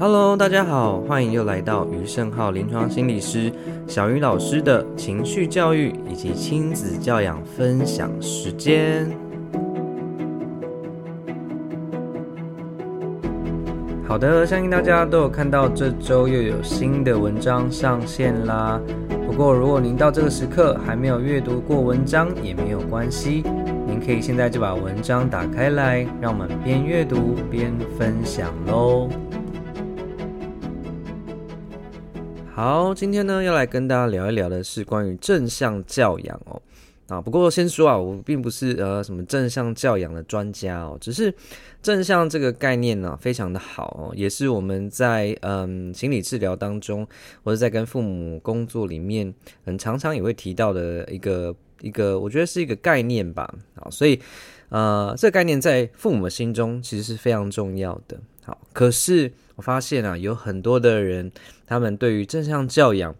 Hello，大家好，歡迎又來到余勝皓臨床心理師小魚老師的情緒教育以及親子教養分享時間。好的，相信大家都有看到這週又有新的文章上線啦。不過，如果您到這個時刻還沒有閱讀過文章，也沒有關係，您可以現在就把文章打開來，讓我們邊閱讀邊分享嘍。好，今天呢要來跟大家聊一聊的是關於正向教養哦。啊，不過先說啊，我並不是呃什麼正向教養的專家哦，只是正向這個概念呢、啊、非常的好哦，也是我們在嗯、呃、心理治療當中或者在跟父母工作裡面很常常也會提到的一個一個，我覺得是一個概念吧。啊，所以呃這個概念在父母的心中其實是非常重要的。好，可是。我發現啊，有很多的人，他們對於正向教養，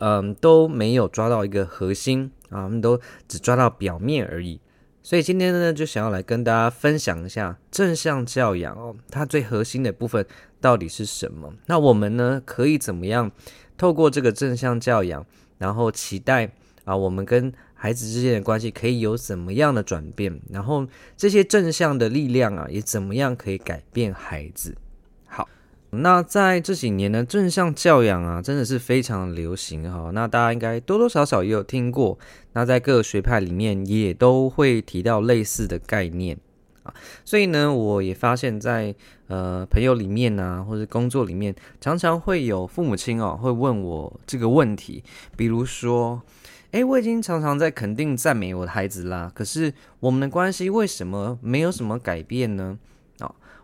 嗯，都沒有抓到一個核心啊，他們都只抓到表面而已。所以今天呢，就想要來跟大家分享一下正向教養哦，它最核心的部分到底是什麼？那我們呢，可以怎麼樣透過這個正向教養，然後期待啊，我們跟孩子之間的關係可以有怎麼樣的轉變？然後這些正向的力量啊，也怎麼樣可以改變孩子？那在這幾年呢，正向教養啊，真的是非常流行哈。那大家應該多多少少也有聽過。那在各個學派裡面也都會提到類似的概念啊。所以呢，我也發現在，在呃朋友裡面啊，或者工作裡面，常常會有父母親哦會問我這個問題。比如說，哎，我已經常常在肯定讚美我的孩子啦，可是我們的關係為什麼沒有什麼改變呢？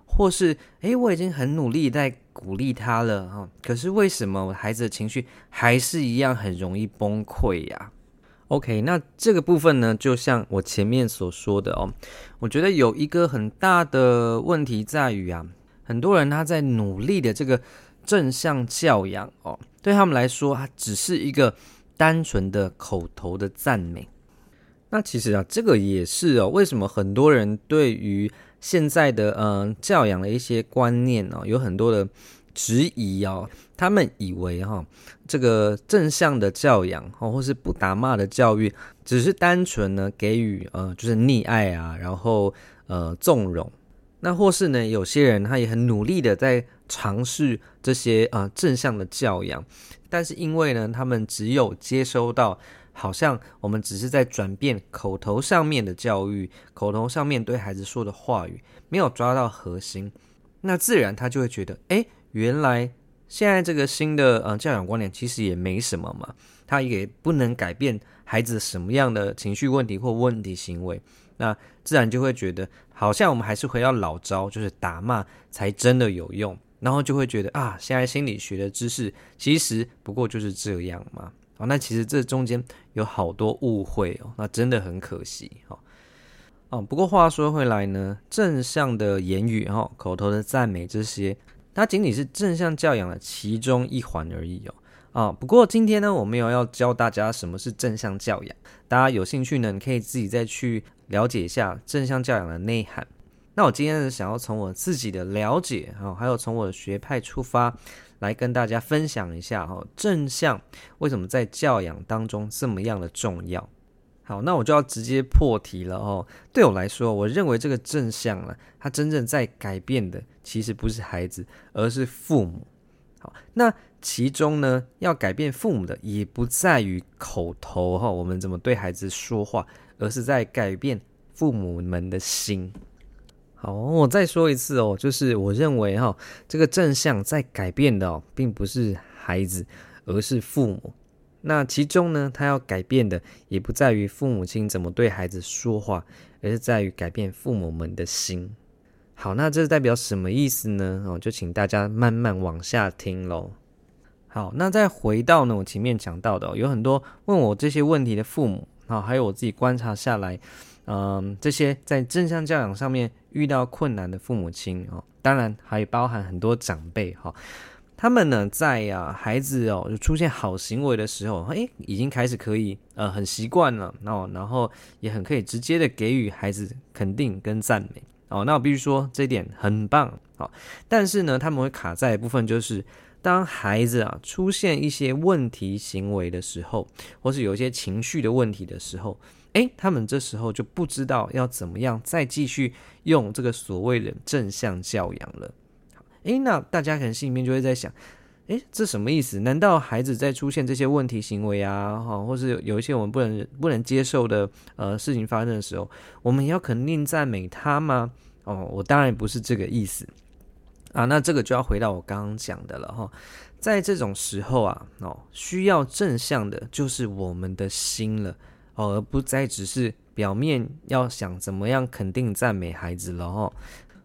或是，誒，我已經很努力在鼓勵他了啊，可是為什麼我孩子的情緒還是一樣很容易崩潰呀啊？OK，那這個部分呢，就像我前面所說的哦，我覺得有一個很大的問題在於啊，很多人他在努力的這個正向教養哦，對他們來說，它只是一個單純的口頭的讚美。那其實啊，這個也是哦。為什麼很多人對於現在的嗯、呃、教養的一些觀念哦有很多的質疑哦？他們以為哈、哦，這個正向的教養、哦、或是不打罵的教育，只是單純呢給予、呃、就是溺愛啊，然後呃縱容。那或是呢，有些人他也很努力的在嘗試這些啊、呃、正向的教養，但是因為呢，他們只有接收到。好像我們只是在轉變口頭上面的教育，口頭上面對孩子說的話語，沒有抓到核心，那自然他就會覺得，哎，原來現在這個新的嗯、呃、教養觀念其實也沒什麼嘛，他也不能改變孩子什麼樣的情緒問題或問題行為，那自然就會覺得，好像我們還是回到老招，就是打罵才真的有用，然後就會覺得啊，現在心理學的知識其實不過就是這樣嘛。啊、哦，那其實這中間有好多誤會哦，那真的很可惜哦，哦，不過話說回來呢，正向的言語哈、哦，口頭的讚美這些，它僅僅是正向教養的其中一環而已哦。啊、哦，不過今天呢，我沒有要教大家什麼是正向教養，大家有興趣呢，你可以自己再去了解一下正向教養的內涵。那我今天想要從我自己的了解啊、哦，還有從我的學派出發。來跟大家分享一下哈，正向為什麼在教養當中這麼樣的重要？好，那我就要直接破題了哈。對我來說，我認為這個正向呢，它真正在改變的其實不是孩子，而是父母。好，那其中呢，要改變父母的，也不在於口頭哈，我們怎麼對孩子說話，而是在改變父母們的心。哦，我再說一次哦，就是我認為哈，哦，這個正向在改變的，哦，並不是孩子，而是父母。那其中呢，他要改變的，也不在於父母親怎麼對孩子說話，而是在於改變父母們的心。好，那這代表什麼意思呢？哦，就請大家慢慢往下聽咯。好，那再回到呢，我前面講到的，哦，有很多問我這些問題的父母，啊，哦，還有我自己觀察下來。嗯，這些在正向教養上面遇到困難的父母親、哦、當然還包含很多長輩哈、哦。他們呢，在、啊、孩子哦出現好行為的時候，欸、已經開始可以呃很習慣了、哦、然後也很可以直接的給予孩子肯定跟讚美哦。那我必須說這一點很棒好、哦，但是呢，他們會卡在一部分，就是當孩子啊出現一些問題行為的時候，或是有一些情緒的問題的時候。哎，他們這時候就不知道要怎麼樣再繼續用這個所謂的正向教養了。哎，那大家可能心裡面就會在想，哎，這什麼意思？難道孩子在出現這些問題行為啊，哈，或是有一些我們不能不能接受的呃事情發生的時候，我們要肯定讚美他嗎？哦，我當然不是這個意思啊。那這個就要回到我剛剛講的了哈、哦。在這種時候啊，哦，需要正向的就是我們的心了。而不再只是表面要想怎麼樣肯定讚美孩子了哦。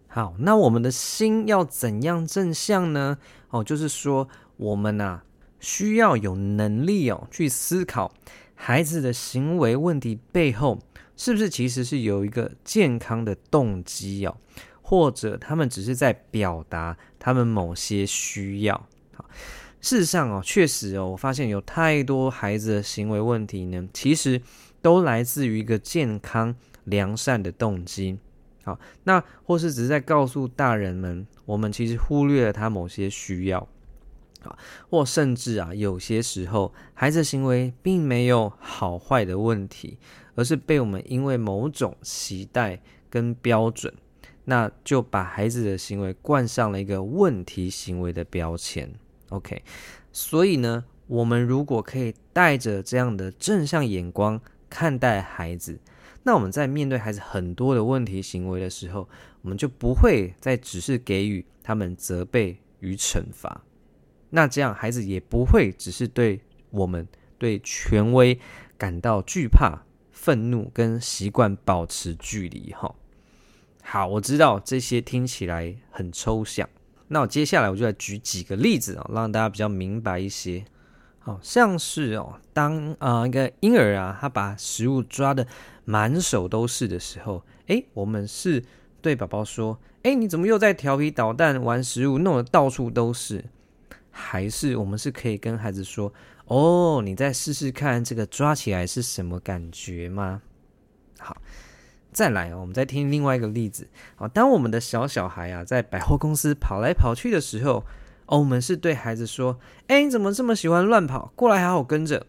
好，那我們的心要怎樣正向呢？哦，就是說我們啊需要有能力哦去思考孩子的行為問題背後是不是其實是有一個健康的動機哦，或者他們只是在表達他們某些需要。好。事實上哦，確實哦，我發現有太多孩子的行為問題呢，其實都來自於一個健康良善的動機。好，那或是只是在告訴大人們，我們其實忽略了他某些需要。啊，或甚至啊，有些時候孩子的行為並沒有好壞的問題，而是被我們因為某種期待跟標準，那就把孩子的行為冠上了一個問題行為的標籤。OK，所以呢，我們如果可以帶着這樣的正向眼光看待孩子，那我們在面對孩子很多的問題行為的時候，我們就不會再只是給予他們責備與懲罰。那這樣，孩子也不會只是對我們、對權威感到懼怕、憤怒，跟習慣保持距離。哈，好，我知道這些聽起來很抽象。那我接下來我就要舉幾個例子啊、哦，讓大家比較明白一些。好像是哦，當啊、呃、一個嬰兒啊，他把食物抓得滿手都是的時候，哎，我們是對寶寶說，哎，你怎麼又在調皮搗蛋玩食物，弄得到處都是？還是我們是可以跟孩子說，哦，你再試試看這個抓起來是什麼感覺嗎？好。再來哦，我們再聽另外一個例子。好，當我們的小小孩啊在百貨公司跑來跑去的時候，哦，我們是對孩子說：“欸，你怎麼這麼喜歡亂跑？過來，好好跟着。”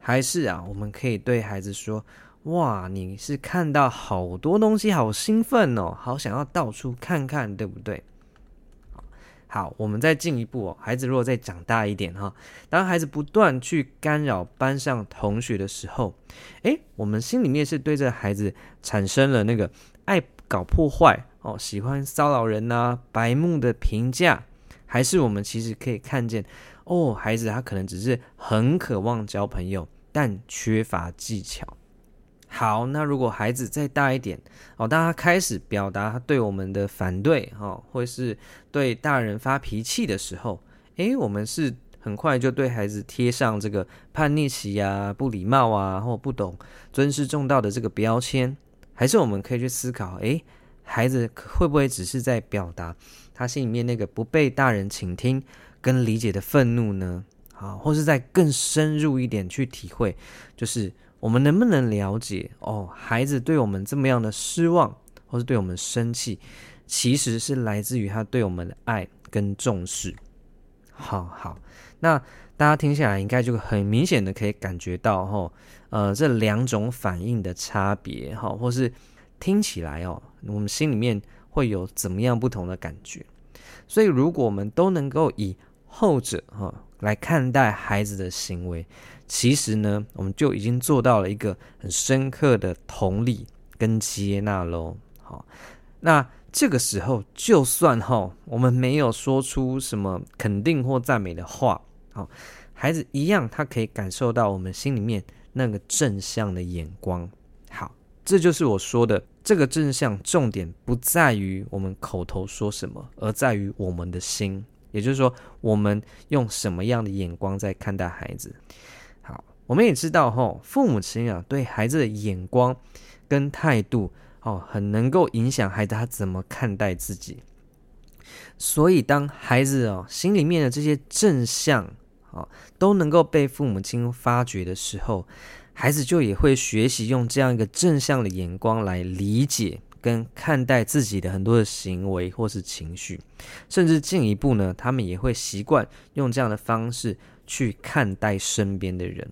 還是啊，我們可以對孩子說：“哇，你是看到好多東西，好興奮哦，好想要到處看看，對不對？”好，我們再進一步哦。孩子如果再長大一點哈，當孩子不斷去干擾班上同學的時候，誒，我們心裡面是對這孩子產生了那個愛搞破壞哦，喜歡騷擾人吶、啊，白目的評價，還是我們其實可以看見哦，孩子他可能只是很渴望交朋友，但缺乏技巧。好，那如果孩子再大一點，哦，當他開始表達他對我們的反對，哈、哦，或是對大人發脾氣的時候，誒，我們是很快就對孩子貼上這個叛逆期啊、不禮貌啊，或不懂尊師重道的這個標籤，還是我們可以去思考，誒，孩子會不會只是在表達他心裡面那個不被大人傾聽跟理解的憤怒呢？啊，或是再更深入一點去體會，就是。我們能不能了解哦，孩子對我們這麼樣的失望，或是對我們生氣，其實是來自於他對我們的愛跟重視。好好，那大家聽下來，應該就很明顯的可以感覺到吼、哦，呃，這兩種反應的差別哈、哦，或是聽起來哦，我們心裡面會有怎麼樣不同的感覺。所以，如果我們都能夠以後者哈。哦來看待孩子的行為，其實呢，我們就已經做到了一個很深刻的同理跟接納嘍。好，那這個時候，就算哈，我們沒有說出什麼肯定或讚美的話，好，孩子一樣，他可以感受到我們心裡面那個正向的眼光。好，這就是我說的這個正向，重點不在於我們口頭說什麼，而在於我們的心。也就是說，我們用什麼樣的眼光在看待孩子？好，我們也知道、哦，吼，父母親啊對孩子的眼光跟態度，哦，很能夠影響孩子他怎麼看待自己。所以，當孩子哦心裡面的這些正向，哦，都能夠被父母親發覺的時候，孩子就也會學習用這樣一個正向的眼光來理解，跟看待自己的很多的行為或是情緒，甚至進一步呢，他們也會習慣用這樣的方式去看待身邊的人。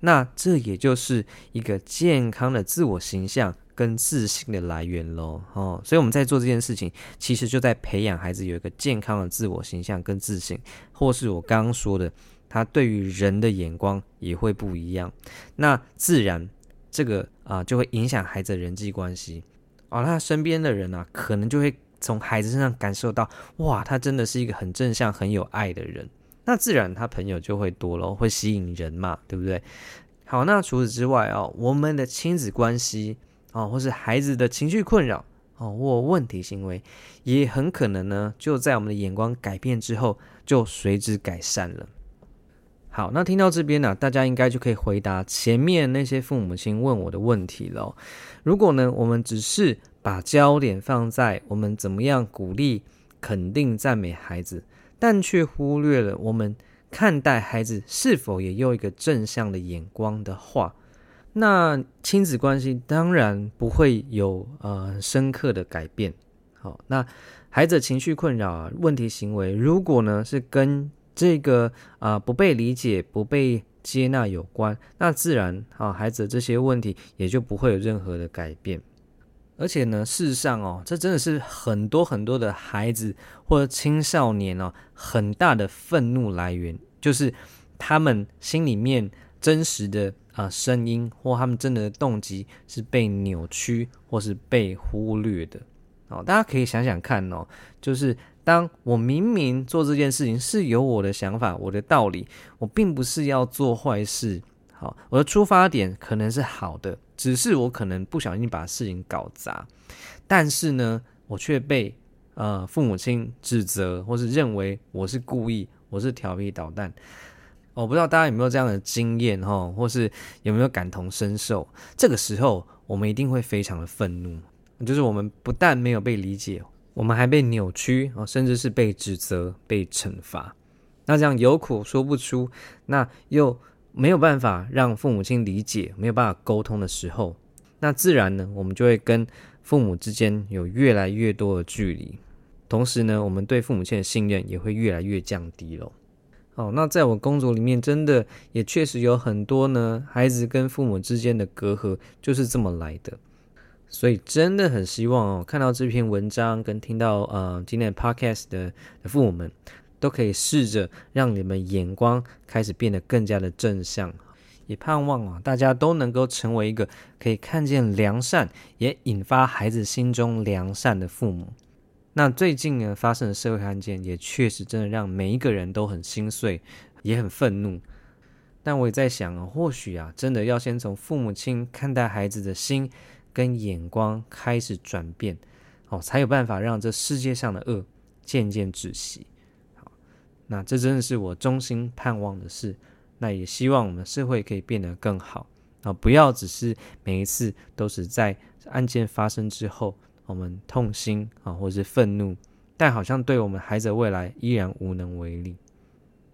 那這也就是一個健康的自我形象跟自信的來源咯。哦，所以我們在做這件事情，其實就在培養孩子有一個健康的自我形象跟自信，或是我剛剛說的，他對於人的眼光也會不一樣。那自然這個啊、呃，就會影響孩子的人際關係。哦，他身邊的人啊，可能就會從孩子身上感受到，哇，他真的是一個很正向、很有愛的人，那自然他朋友就會多嘍，會吸引人嘛，對不對？好，那除此之外啊、哦，我們的親子關係啊、哦，或是孩子的情緒困擾哦，或問題行為，也很可能呢，就在我們的眼光改變之後，就隨之改善了。好，那聽到這邊呢啊，大家應該就可以回答前面那些父母親問我的問題了哦。如果呢，我們只是把焦點放在我們怎麼樣鼓勵、肯定、讚美孩子，但卻忽略了我們看待孩子是否也有一個正向的眼光的話，那親子關係當然不會有呃深刻的改變。好，那孩子情緒困擾啊、問題行為，如果呢是跟這個啊、呃，不被理解、不被接納有關，那自然啊、哦，孩子的這些問題也就不會有任何的改變。而且呢，事實上哦，這真的是很多很多的孩子或者青少年哦，很大的憤怒來源，就是他們心裡面真實的啊、呃、聲音或他們真的動機是被扭曲或是被忽略的哦。大家可以想想看哦，就是。當我明明做這件事情是有我的想法、我的道理，我並不是要做壞事，好，我的出發點可能是好的，只是我可能不小心把事情搞砸，但是呢，我卻被呃父母親指責，或是認為我是故意，我是調皮搗蛋。我不知道大家有沒有這樣的經驗哈，或是有沒有感同身受？這個時候，我們一定會非常的憤怒，就是我們不但沒有被理解。我們還被扭曲哦，甚至是被指責、被懲罰。那這樣有苦說不出，那又沒有辦法讓父母親理解，沒有辦法溝通的時候，那自然呢，我們就會跟父母之間有越來越多的距離。同時呢，我們對父母親的信任也會越來越降低了。哦，那在我工作裡面，真的也確實有很多呢，孩子跟父母之間的隔閡就是這麼來的。所以真的很希望哦，看到這篇文章跟聽到呃、今天的 podcast 的父母們，都可以試着讓你們眼光開始變得更加的正向，也盼望啊，大家都能夠成為一個可以看見良善，也引發孩子心中良善的父母。那最近呢，發生的社會案件也確實真的讓每一個人都很心碎，也很憤怒。但我也在想啊，或許啊，真的要先從父母親看待孩子的心。跟眼光開始轉變，哦，才有辦法讓這世界上的惡漸漸止息。那這真的是我衷心盼望的事。那也希望我們社會可以變得更好啊、哦，不要只是每一次都是在案件發生之後，我們痛心啊、哦，或是憤怒，但好像對我們孩子的未來依然無能為力。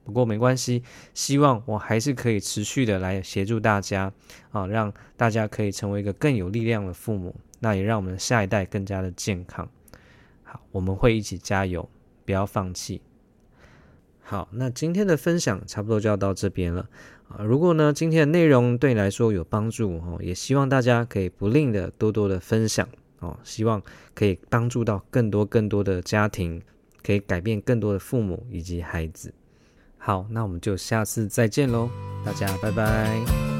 不過沒關係，希望我還是可以持續的來協助大家啊、哦，讓大家可以成為一個更有力量的父母，那也讓我們下一代更加的健康。好，我們會一起加油，不要放棄。好，那今天的分享差不多就要到這邊了啊。如果呢，今天的內容對你來說有幫助哦，也希望大家可以不吝的多多的分享哦，希望可以幫助到更多更多的家庭，可以改變更多的父母以及孩子。好，那我們就下次再見嘍，大家拜拜。